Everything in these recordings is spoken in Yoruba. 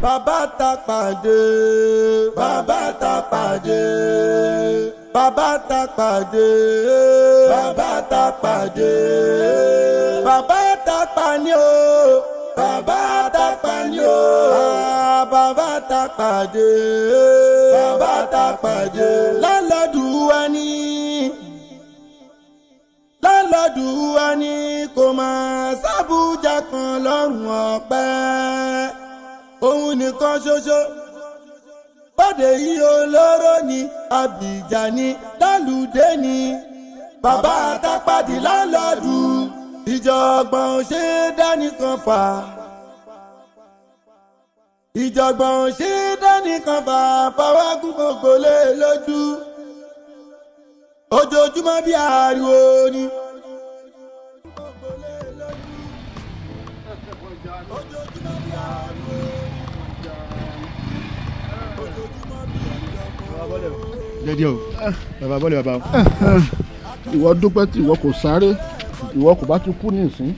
bàbá ta pàdé bàbá ta pàdé bàbá ta pàdé bàbá ta pàdé bàbá ta pàní o bàbá ta pàní o ah, bàbá ta pàdé bàbá ta pàdé lálọ́dúnwá ni lálọ́dúnwá ni kò máa sábújà kan lọ́rùn ọ̀pẹ́ òun nìkan ṣoṣo bọ́dé yìí olóró ni àbíjà ni lálùdé ni bàbá àtàpàdé lálọ́dù ìjọ̀gbọ̀n ṣe dánìkan fà ìjọ̀gbọ̀n ṣe dánìkan fà fáwágùn gbogbo lé lójú ojoojúmọ́ bí ariwo ni. jẹjẹ o bàbá bọ́lẹ̀ bàbá o. ìwọ dúpẹ́ tí ìwọ kò sáré ìwọ kò bá tún kú ní ìsín.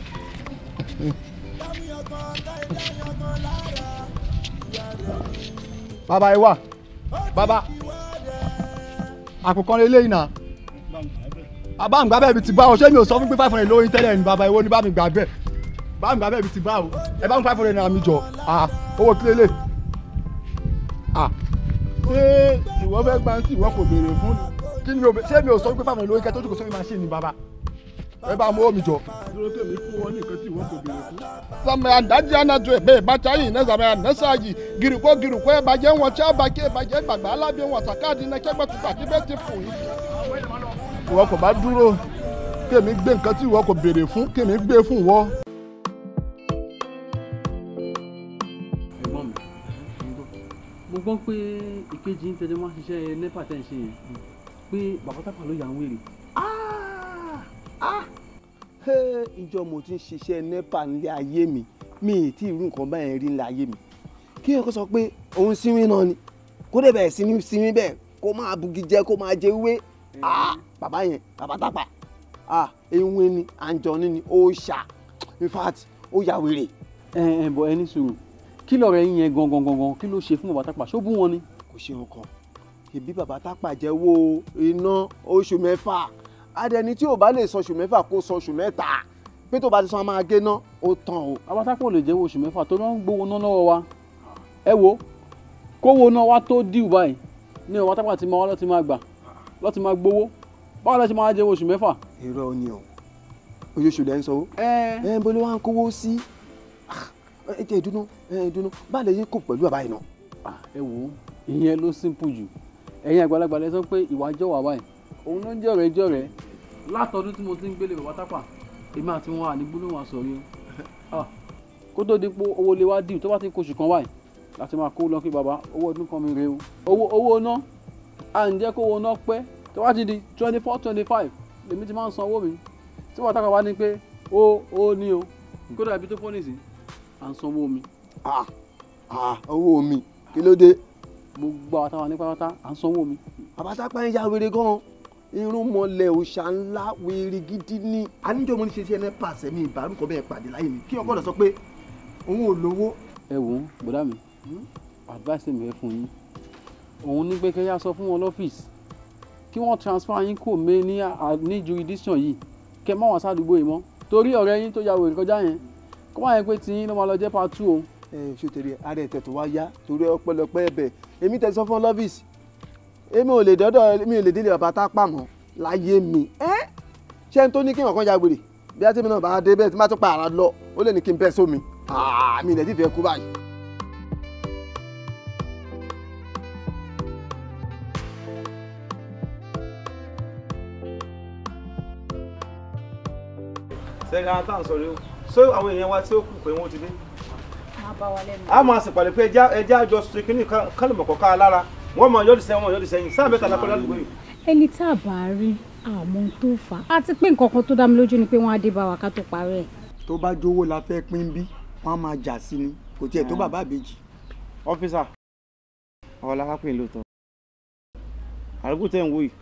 bàbá ẹ wà bàbá àkùkọ lè léyìn bàbá mi gbà bẹ́ẹ̀ ti bá ọ ṣé mi ò sọ fún pé five hundred lóyún tẹ́lẹ̀ ni bàbá ìwọ ni bá mi gbà bá mi gbà bẹ́ẹ̀ ti bá o ẹ bá mi five hundred náírà mi jọ owó kílélẹ̀ ṣé ìwọ fẹ́ gbà ń sí ìwọ kò béèrè fún kí ni ṣé mi ò sọ pé fáwọn olóyè kẹtọ́ ojú kò sórí machine ni bàbá ẹ bá mú omi jọ. dúró tèmi fún wọn ní nǹkan tí ìwọ kò béèrè fún. samaya dájú anadu ẹgbẹ́ ìbátáyì iná samaya nẹ́sàáyì gírùkó gírùkó ẹ bàjẹ́ wọn tí a bàjẹ́ bàjẹ́ gbàgbà alábẹ́ wọn sàkáàdì iná kẹgbẹ́ tuntun àti bẹ́ẹ̀ ti fò yìí. ìwọ kò bá dúró tèmi gbé nǹkan tí ìwọ kò béèrè fún tèmi gbé fún wọn. gbọ́ pé ìkejì ń tẹ̀lé wọn ṣiṣẹ́ NEPA tẹ̀ ń ṣe yẹn pé bàbátàpà ló yà ń wèrè. Ah! Ah! ìjọ mo ti ń ṣiṣẹ́ NEPA nílé ayé mi mi ì tí irú nǹkan báyẹn rí nílé ayé mi kí ẹ sọ pé òun sinmi náà ni kó dẹ̀ bẹ̀rẹ̀ sinmi sinmi bẹ́ẹ̀ kó máa bugi jẹ kó máa jẹ wé ah! bàbá yẹn bàbátàpà ewé ni àǹjọ́ni ni ó ṣà in fact ó yà wèrè. ẹ ẹ bọ ẹni sùúrù kí lọ̀rọ̀ yín yẹn gangan gangan kí ló ṣe fún bàbá tápà ṣó bú wọn ni. kò ṣe nǹkan ìbí bàbá tápà jẹ́wọ́ iná oṣù mẹ́fà adẹni tí ò bá lè sọṣù mẹ́fà kó sọṣù mẹ́ta pé tó bá ti sọ a máa gé ná ó tán o. bàbá tápà ò lè jẹ́wọ́ oṣù mẹ́fà tó náà ń gbowó ná lọ́wọ́ wa ẹ wo kówó náà wá tó dìú báyìí ní bàbá tápà ti máa wá lọ́ti máa gbà lọ́ti máa gbowó báwo lọ́ti máa jẹ́wọ́ oṣù mẹ́fà. irọ́ ni o oṣooṣù lẹ́ ń sọ ó. ẹ ẹ bolo wa ń kówó sí ẹ jẹ́ ìdùnnú ẹ ìdùnnú báà lè yín kò pẹ̀lú àbáyé náà. ẹ wò ó ìyẹn ló simple jù ẹ̀yin àgbàlagbà lẹ sọ pé ìwà jọ̀wọ́ àbáyé òun ló ń jọ̀rẹ́ jọ̀rẹ́ látọdún tí mo ti ń gbélé bàbá tápà èmi àti wọn à ní gbólóhùn aṣọ rí o kó tó di pé owó lè wá dì tó bá ti ń koṣù kan wáyé láti máa kó lọ kí bàbá owó ọdún kan mi rè o owó owó ná à ń jẹ́ kó owó ná pẹ́ tó bá ti di twenty four twenty five lèmi ti máa ń san owó mi tí bàbá tápà wá ní pé ó ó ní o kódà ibi tó pọ́ nìsín à ń sanwó omi. owó omi kí ló dé. gbogbo àwọn táwọn ní pátápátá à ń sanwó omi. àbátá pa ẹja wèrè gan-an irun mọlẹ òòṣà ńlá wèrè gidi ni. a níjọ́ mo ní ṣe sí ẹni pàṣẹ mi ìbárúkọ bẹ́ẹ̀ pàdé láyé mi kí ọkọ̀ rẹ̀ sọ pé òun ò lówó. ẹ wò ó bọ̀dá mi hmm? advice mi ẹ fún yín òun ní pé kẹ́ yá sọ fún wọn lọ́fíìsì kí wọ́n transfer yín kò mé ní ní jurisdiction yìí kẹ́ má wá sádùúgbò yìí mọ́ torí ọ̀rẹ́ yín tó ya wèrè kọjá yẹn kó má yẹ pé tiyín ló máa lọ jẹ́ part two o. ẹ ṣe tèrè ara ẹ̀tẹ̀ tó wá yá torí ọpẹ́lọpẹ́ ẹ̀bẹ̀ èmi tẹ sọ fún lọ́fíìsì èmi ò lè dọ́dọ̀ mi ò lè délé bàbá tá a pàmò láyé mi ṣé n tó ní kí nǹkan ya wèrè bí àti mi náà bá dé bẹ́ẹ̀ tí má tó pa ara lọ ó lè ní kí n bẹ́ sómi ah, mi ì lè dìbẹ́ kú báyìí. sẹ́ka tá à o so àwọn èèyàn wa tí ó kù pé wọ́n ti dé. a máa sì pàdé pé ẹja àjọ sikini kálùmọ̀kọ̀ ká lára wọ́n máa yọ̀dì sẹ́yìn wọ́n yọ̀dì sẹ́yìn sáà mẹ́ta lápẹ́ ládùúgbò yìí. ẹni tá a bá rí àmọ́ tó fà á àti pé nǹkan kan tó dá mi lójú ni pé wọ́n á dé bá wa ká tó parẹ́ ẹ̀. tó bá jówó la fẹ́ pín bí wọ́n á máa jà sí ni kò tiẹ̀ tó ah. bàbá àbèjì. ọ́fíìsà ọ̀la hápìn lóòótọ́ àrùkù tẹ̀ ń wò yìí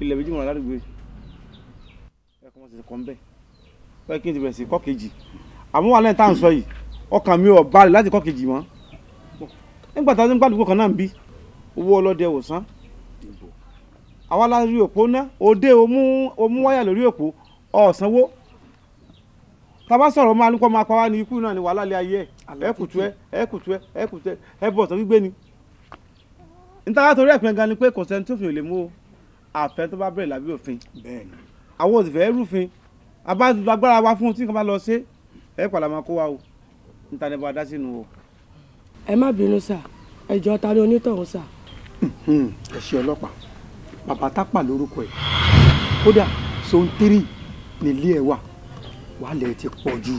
ilẹ̀ méjì mọ̀ràn ládùúgbò yìí ẹ̀kọ́ wọn ti kọ́ pé kí n ti bẹ̀rẹ̀ sí kọ́ àmọ́ wà lẹ́yìn tá à ń sọ yìí ọkàn mi ò láti kọ́ mọ́ nígbà tá a ti ń gbàdúgbò kan náà ń bí owó ọlọ́dẹ ò san àwa la rí òpó ná òde òmú wáyà lórí òpó ọ̀sánwó tàbá sọ̀rọ̀ máa lúkọ́ máa ní ikú náà ayé kùtù kùtù bá bẹ̀rẹ̀ àbá lu agbára wa fún un tí nǹkan bá lọ ṣe ẹ padà máa kó wa o níta ni bá a dá sínú o. ẹ má bínú sà ẹ jọ̀ọ́ ta ni onítọ̀hún sà. Hmm, ẹ ṣe ọlọ́pàá bàbá tápà lórúkọ ẹ kódà zone three nílé ẹ wà wàhálẹ̀ ti pọ̀ jù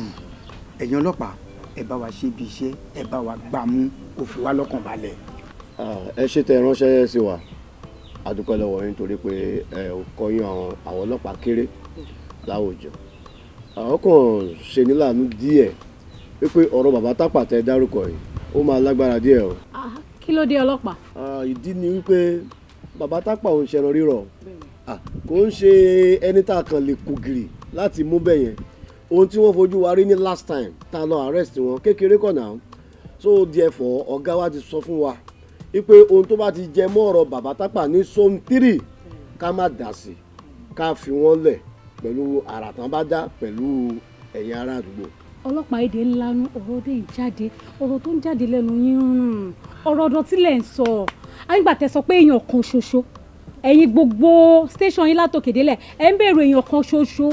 ẹ̀yin ọlọ́pàá ẹ bá wa ṣe ibi iṣẹ́ ẹ bá wa gbà mú kó fi wá lọ́kàn balẹ̀. ẹ ṣe tẹ ìránṣẹ́ sí wa a dúpẹ́ lọ́wọ́ yín torí pé ẹ ò kọ́yìn àwọn ọlọ́pàá kéré láwùjọ àwọn kan ṣe ní láàánú díẹ̀ wípé ọ̀rọ̀ bàbá tápàtẹ dárúkọ yìí ó máa lágbára díẹ̀ o. Ah, kí ló dé ọlọ́pàá. Ah, ìdí ni wípé bàbá tápà ò ń ṣẹran rírọ̀ ah, kò ń ṣe ẹni tá a kàn lè kú gìrì láti mú bẹ́ẹ̀ yẹn ohun tí wọ́n fojú wa rí ní last time tá a lọ arrest wọn kékeré kọ̀ so therefore ọ̀gá wa ti sọ fún wa wípé ohun tó bá ti jẹ mọ́ ọ̀rọ̀ bàbá tápà ní som three ká má dà sí ká fi wọ́n lẹ̀ pẹ̀lú àrà tán bá dá pẹ̀lú ẹ̀yin ará àdúgbò. ọlọ́pàá èdè ńlá ọ̀rọ̀ dé ìjáde ọ̀rọ̀ tó ń jáde lẹ́nu yín ọ̀rọ̀ ọ̀dọ̀ tílẹ̀ ń sọ àyìnbá tẹ sọ pé èèyàn kan ṣoṣo ẹ̀yin gbogbo station yín látòkèdélẹ̀ ẹ̀ ń bèrè èèyàn kan ṣoṣo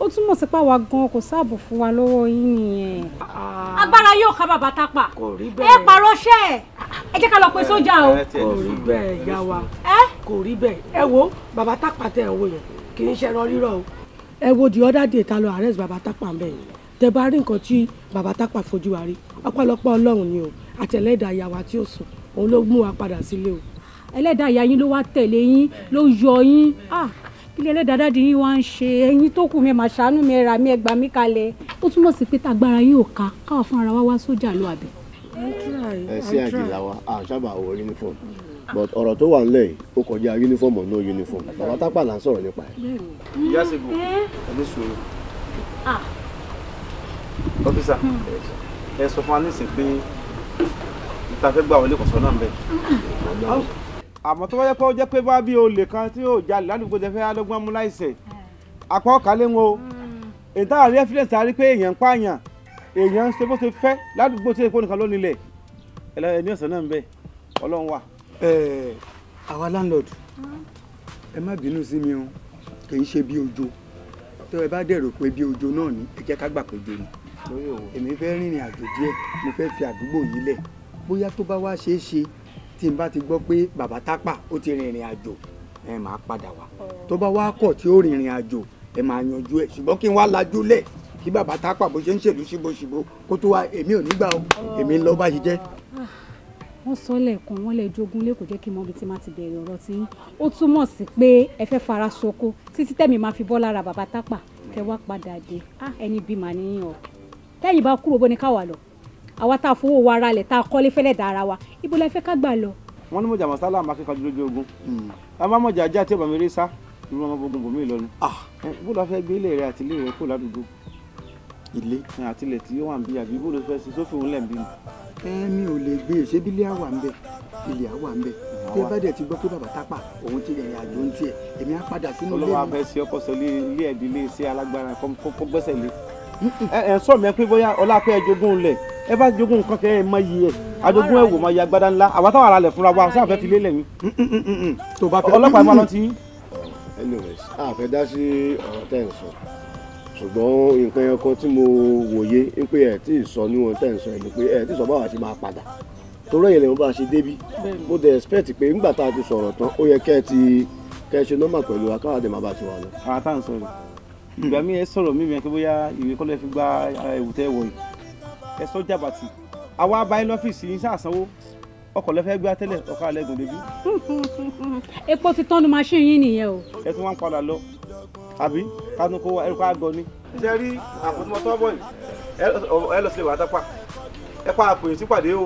ó túmọ̀ sí pàwá gan kò sáàbò fún wa lọ́wọ́ yín nìyẹn. Ah. agbára yóò ká bàbá tápà ẹ pààrọ̀ ṣẹ́ ẹ̀ ẹ jẹ́ ká lọ pe eh, sójà o. kò rí bẹ́ẹ̀ yá wa eh? kò rí bẹ́ẹ̀ ẹ wo bàbá tápà tẹ̀ ń wò yẹn kì í ṣe ẹran rírọ̀ o ẹ wo the other day ta lọ arrest baba tápà ń bẹ̀ yìí tẹ bá rí nǹkan tí baba tápà fojú wa rí ọpọlọpọ ọlọ́run ni o àtẹlẹ́dàá ìyá wa tí ó sùn òun ló mú wa padà sílé o. ẹlẹ́dàá ìyá yín ló wá tẹ̀lé yín ló yọ yín ah, kí ni ẹlẹ́dàá dáàdi yín wá ń ṣe ẹ̀yin tó kù mi mà ṣàánú mi ra mi ẹ gbà mí kalẹ̀. ó túmọ̀ sí pé tàgbára yín ò ká káwọn fúnra wa wá sójà ló àbẹ̀. ẹ sí àjìlá wa àṣàbà wọ uniform but ọ̀rọ̀ tó wà nílẹ̀ yìí ó kọjá uniform or no uniform bàbá tápà là ń sọ̀rọ̀ nípa ẹ̀. ìyá sèbò ẹni sòrò ọ́fíìsà hmm. ẹ sọ fún wa nísìnyí pé ìta fẹ́ gbà wọlé kọ̀sọ́ náà ń bẹ̀. Hmm. àmọ́ tó bá yẹ pé ó jẹ́ pé bá bí olè kan tí yóò jalè ládùúgbò tẹ fẹ́ alógún amú láìsẹ̀ hmm. apá ọ̀kà lé wọn o èyí táwọn rí ẹ́fídẹ́ǹsì àrí pé èèyàn ń pààyàn èèyàn ń ṣe bó ṣe fẹ́ ládùúgbò tí èkó nìkan ló nílẹ̀ ẹ̀ ní ọ̀sán náà ń bẹ̀ ọlọ́run wà. Our landlord ẹ má bínú sí mi o kì í ṣe bí ojo tó ẹ bá dẹ̀rò pé bí ojo náà ni ẹ jẹ́ ká gbà pé ojo ni èmi fẹ́ rìnrìn àjò díẹ̀ mo fẹ́ fi àdúgbò yìí lẹ̀ bóyá tó bá wá ṣeé ṣe tí n bá ti gbọ́ pé bàbá tápà ó ti rìnrìn àjò ẹ máa padà wá tó bá wá kọ̀ tí ó rìnrìn àjò ẹ máa yanjú ẹ ṣùgbọ́n kí n wá lajú lẹ̀ kí bàbá tápà bó ṣe ń ṣèlú síbòṣìbò kó tó wá èmi ò ní gbà o èmi ń lọ bá ṣe jẹ́ wọ́n sọ lẹ́ẹ̀kan wọ́n lè jogún lé kò jẹ́ kí n mọ ibi tí má ti bẹ̀rẹ̀ ọ̀rọ̀ tí yín ó túmọ̀ sí pé ẹ fẹ́ fara ṣoko títí tẹ̀mí máa fi bọ́ lára bàbá tápà tẹ wá padà dé ah, ẹni bí màá níyàn o tẹ́yìn bá kúrò bó ni káwa lọ àwa tá a fowó wa ara lẹ̀ tá a kọ́lé fẹ́lẹ̀ dára wa ibo la fẹ́ ká gbà lọ. wọ́n ní mọ̀jà masala àmọ́ akẹ́kọ̀ọ́ lójú ogun a máa mọ̀jà ajá tí bàmí rí sá irú ọmọ ogun bòmí ìlọrin ah. bó la fẹ́ gbé ilé rẹ àti ilé rẹ kó ládùúgbò ilé àti ilẹ̀ tí ẹ̀mí eh, ò lè gbé e. ṣé bílẹ̀ àwà ń bẹ ilẹ̀ àwà ń bẹ tí ẹ bá dẹ̀ ti gbọ́ pé bàbá tápà òun ti rìnrìn àjò ń tiẹ̀ èmi á padà sínú ilé mi. olówó sí ọkọ̀ sọ ilé ẹ̀dílé sí alágbára kó gbẹ́sẹ̀ lé ẹ sọ mi pé bóyá ọlápẹ jogún lẹ ẹ bá jogún nǹkan kẹ ẹ mọ iye ẹ ajogun ẹ wò mọ iye agbada ńlá àwa táwọn ará lẹ fúnra wa sáà fẹ́ fi lélẹ̀ ni. ọlọ́pàá ẹ máa lọ ti. ẹ lè rẹ̀ sáà fẹ́ dá sí ọ̀rọ̀ tẹ́ ẹ̀ sọ ṣùgbọ́n nǹkan ẹyọ kan tí mo wòye ń pé ẹ̀ tí ì sọ ní ohun tẹ̀ ẹ̀ ni pé ẹ̀ tí ì sọ báwa ṣe máa padà torí ẹ̀yìn lẹ́yìn bá ṣe débí mo dẹ̀ expect pé nígbà tá a ti sọ̀rọ̀ tán ó yẹ kẹ́ ẹ ti kẹ́ ẹ ṣe nọ́mbà pẹ̀lú wa káwá dẹ̀ máa bá ti wà lọ. àwọn tá à ń sọ̀rọ̀ ìgbà mi ẹ sọ̀rọ̀ mi bẹ kí bóyá ìwé kọ́lẹ́ fi gba ẹ̀wù eh, tẹ́ wọ̀ yìí ẹ sọ jàbàtì àwa báyìí lọ́fíìsì yín sàsanwó ọkọ̀ lẹ́fẹ́ gbé tẹ́lẹ̀ ọkọ̀ alẹ́ gùn débi. epo ti tọ́nu machine yín nìyẹn o. ẹ tún wá ń padà lọ àbí kánú kó ẹrú ká gbọ ni. ṣe rí àpótọ́mọtọ́ bọ̀ ẹ lọ sílẹ̀ wà á tápà ẹ pa àpò èyí sípàdé o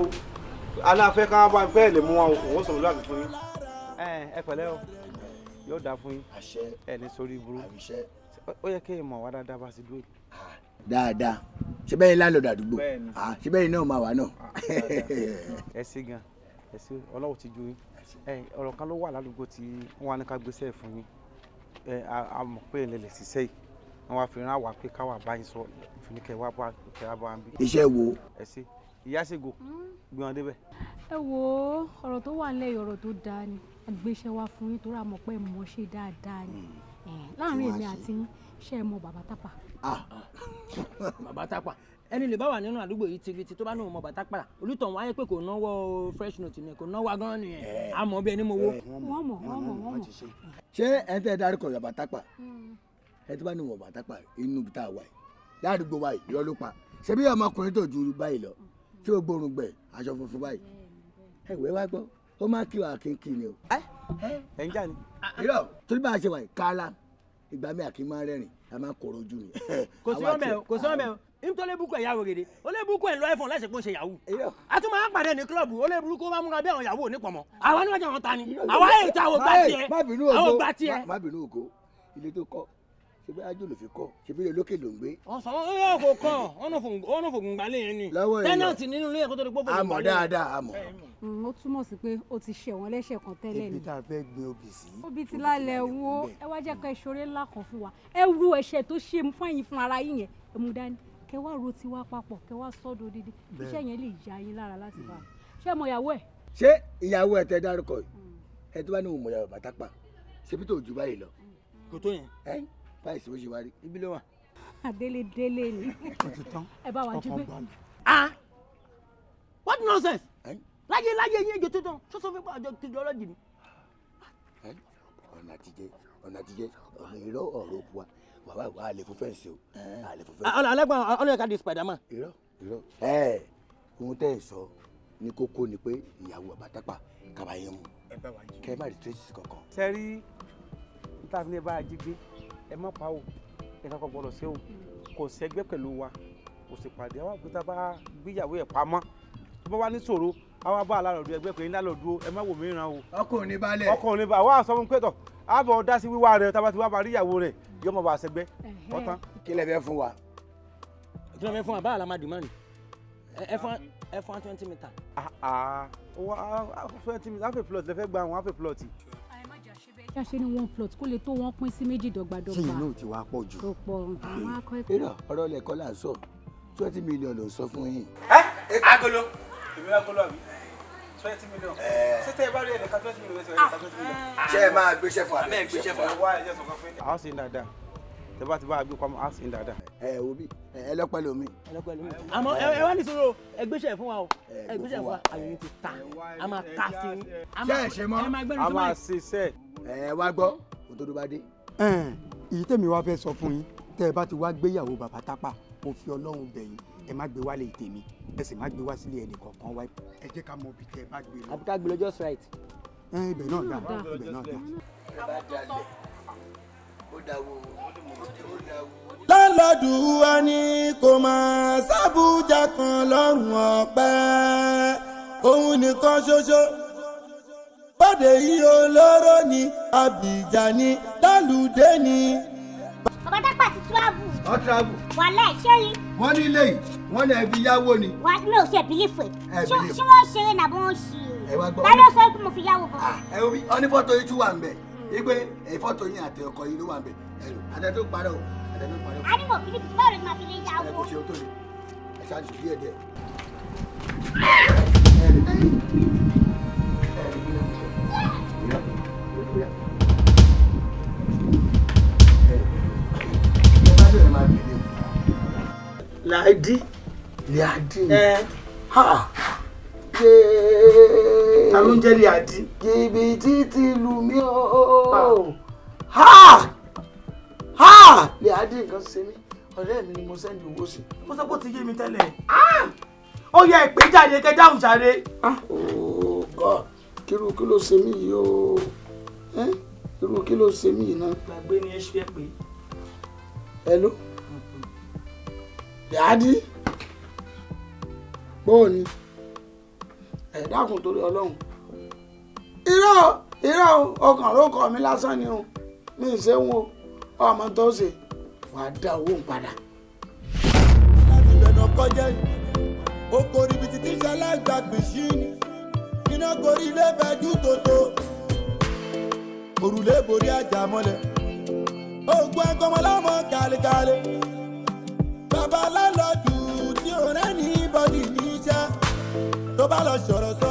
aláfẹ́ ká bá bẹ́ẹ̀ lè mú wa òun sọ̀rọ̀ láti fún yín. ẹ ẹ pẹ̀lẹ́ o yóò dáa fún yín ẹ ní sórí burú ó yẹ kí ẹ mọ̀ wá dáadáa bá ti dúró. dáadáa ṣe bẹ́ẹ̀ ni láńlọ́ọ̀dù àdúgbò ṣe bẹ́ẹ̀ ni náà máa wà náà. ẹ sí gan ẹ sí ọlọ́wọ́ ti ju yín ọ̀rọ̀ kan ló wà ládùúgbò tí wọ́n á ní ká gbéṣẹ́ fún yín àmọ̀ pé èlé lè ṣiṣẹ́ yìí wọ́n wá fi rán àwa pé káwa báyìí sọ ìfúnikẹ́ wá bá kẹ́ wá bá wa bí. iṣẹ́ wo. ẹ ṣe ìyá ṣègò hmm? gbé wọn débẹ̀. ẹ wo ọ̀rọ̀ tó wà lẹ́yìn ọ̀rọ̀ tó dáa ni àgbéṣẹ́ wa fún yín torí àmọ̀ pé mọ̀ ṣe dáadáa ni hmm. láàrin èmi àti yín ṣe mọ bàbá tápà. Ah. bàbá tápà ẹni lè bá wà nínú àdúgbò yìí tiriti tó bá ní òun mọ bàtà pàrà olùtọ̀hún wáyé pé kò náwó fresh note ni kò náwó agán nìyẹn àmọ́ eh. bí ẹni mo wó. Eh, wọ́n mọ̀ wọ́n mọ̀ wọ́n mọ̀. ṣé ẹ tẹ́ ẹ dárúkọ ìwà bàtà pà hmm. ẹ tó bá ní ìwà bàtà pà inú tá a wà yìí ládùúgbò wa yìí irọ́ ló pa ṣebí ọmọkùnrin tó ju báyìí lọ hmm. tí o gbórùn gbẹ aṣọ funfun báyìí ẹ wẹ́ wá gbọ́ o. ẹ eh, ẹ ń jà ni. irọ́ torí bá a ṣe wà a máa kọ̀rọ̀ ojú mi. kò sí ọmọ ẹ kò sí ọmọ nítorí olébùkù ẹ̀yà wèrèdè olébùkù ẹ̀ ń lọ iphone láìsí pé ó ṣe yahoo a tún máa ń pàdé ní club olébùkù ó máa múra bí àwọn yahoo ò ní pọ̀ mọ́ àwa ni wọ́n jẹ́ àwọn ta ni àwa èyí ta àwọn gbà tiẹ̀ àwọn gbà tiẹ̀. má bínú ògo ilé tó kọ́ ṣebí ajo ló fi kọ́ ṣebí olókè ló ń gbé. ọsàn ó yọ kó kọ ọ̀nà fògùn gbalẹ̀ ni tẹ́nàtì nínú ilé ẹ̀kọ́ tó di pọ́pọ́. àmọ́ dáadáa àmọ́. Mm, ó túmọ̀ sí pé o ti ni kẹ wá ro tiwa papọ̀ kẹ wá sọ́dọ̀ dídí iṣẹ́ yẹn lè ya yín lára láti bá ṣé mọ ìyàwó ẹ̀. ṣé ìyàwó ẹ tẹ dárúkọ yìí hmm. ẹ tó bá ní òun mọ ìyàwó bàtà pa ṣe bí tó ju báyìí lọ. kò tó yẹn. ẹ báyìí sì ó ṣe wá rí ibi ló wà. àdélé délé ni ẹ bá wa jí pé. ah what nonsense láyé láyé yín èjò tuntun sọsọ fipá àjọ kejì ọlọ́jì ni. ọ̀nà àtijẹ́ ọ̀nà àtijẹ́ ọ̀nà ìró ọ̀rọ̀ òkú wa wàá wàá àlè fún fẹ́ǹsì o àlè eh. fún fẹ́ǹsì. ọlọ́gbọ́n ọlọ́yẹ̀ká di Spiderman. irọ́ irọ́ ẹ eh, ohun tẹ́ ẹ sọ ní kókó ni pé ìyàwó bàbá Tápà kaba yẹn mu kẹ má rí tracy kankan. sẹ́rí táàbí ní bá a jí gbé ẹ má pa o ẹ kankan gbọ́dọ̀ sí o kò sẹ́gbẹ́ pẹ̀lú wa kò sì pàdé àwọn àgbẹ̀tà bá gbéyàwó ẹ̀ pamọ́ tó bá wà ní ṣòro àwa bá alárọ̀dù ẹgbẹ́ pé ńlá lọ́dún ẹ má wò mí ràn o. ọkọ ò ní balẹ̀. ọkọ balẹ̀ àwa sọ fún pé àbọ̀ dá wíwá rẹ̀ tábàtí wàá parí ìyàwó rẹ̀ yóò mọ̀ wá sẹgbẹ́ ọ̀tán. kí lè fẹ́ fún wa. kí lè fẹ́ fún wa báyà la máa dìmọ́ ni ẹ fún ẹ twenty meter. Ah, ah. twenty meter half a plot lè fẹ́ gba àwọn half a plot. ṣá ṣe ni one plot kó lè tó wọn pín sí méjì dọ́gbadọ́gba. ṣé inú ti wá pọ̀ jù. tó pọ̀ àwọn hmm. akẹ́kọ̀ọ́. ìrọ̀ ọ̀rọ̀ lẹ̀kọ́ là ń sọ twenty million ló sọ fún yín. ẹ agolo èmi agolo àbí twenty million. Eh. ṣé tẹ́ ẹ bá rí ẹ̀ẹ́dẹ̀ka twenty million ṣe ẹ̀ẹ́dẹ̀ka ah. twenty million. Eh. ṣé ẹ máa gbéṣẹ́ fún abẹ́ gbéṣẹ́ fún wa ẹ̀jẹ̀ sọ̀kan fún mi. house in dada tẹ bá ti bá gbé pamọ́ house in dada. Eh, ẹ ẹ obi ẹ lọpẹ lomi. ẹ lọpẹ lomi àmọ́ ẹ wá nísòro ẹ gbéṣẹ́ fún wa o ẹ gbéṣẹ́ fún wa àyòyìn ti ta a máa ta sí i. ṣé ẹ ṣe mọ́ a máa ṣe ẹ wá gbọ́ òdodo bá dé. èyí tèmi wá fẹ́ sọ fún yín tẹ́ ẹ bá ti wá gbéyàwó bàbá tápà mo fi Ọlọ́run bẹ̀ ẹ má gbé wálé tèmi ẹ sì má gbé wá sílé ẹnì kọ̀ọ̀kan wá ẹ jẹ́ ká mọ ibi tẹ́ ẹ bá gbé lọ. àbí ká just right. ẹ ibẹ̀ náà dá ibẹ̀ náà dá. ẹ bá dalẹ̀ ó dáwó ó dáwó. lálọ́dù wa ni kò máa sábújà kan lọ́rùn ọ̀pẹ òun nìkan ṣoṣo bọ́dẹ̀ yìí olóró ni àbíjà ni lálùdé ni. bàbá dápà ti túwábù. ọ̀ tíráàbù. wàhálà ìṣẹ́yìn. wọ́n ní ilé yìí wọ́n lè fi yáwó ni. wà mi ò ṣe bílífù ẹ ṣé wọ́n ṣeré nàbó wọn ṣe é báyọ̀ sọ pé mo fi yáwó bọ̀. ẹ omi ọ fọ́tò yìí tún wà nbẹ igbe ìfọ́tò yìí àti ọkọ yìí ló wà nbẹ àtẹ tó parẹ́ o àtẹ tó parẹ́ o. a ní mo bílífù báwo ni màá fi lè yáwó. ẹ kò ṣe o tó ni ẹ ṣáà ṣe díẹ̀ díẹ̀. láìdí liadi ha ta ló ń jẹ́ liadi. jìbìtì ti lù mí o ha ha liadi nǹkan ṣe mí ọ̀rẹ́ mi ni mo sẹ́ndì owó sí. mo sọ pé ó ti yé mi tẹ́lẹ̀ ó yẹ ìpè jáde kẹ dáhùn jáde. Oh, kírú kí ló ṣe mí yìí o irú kí ló ṣe mí yìí náà. gbàgbé ni ẹ ṣe é pé. hello. dáàdi. Mm -hmm bóò ni ẹ dákun torí ọlọ́run irọ́ irọ́ ọkàn ló kọ́ mi lásán ni o mi ì ṣe ń wo ọmọ tó ṣe wàá dá owó ń padà. láti bẹ̀rẹ̀ kọjá oko ribiti tí ṣẹlẹ̀ gbàgbé sí ni iná gorí ilé fẹjú tòótó òrùlé borí ajá mọ́lẹ̀ ogun ẹgbọmọlọmọ kálíkálí. bá lọ sọ̀rọ̀ sọ.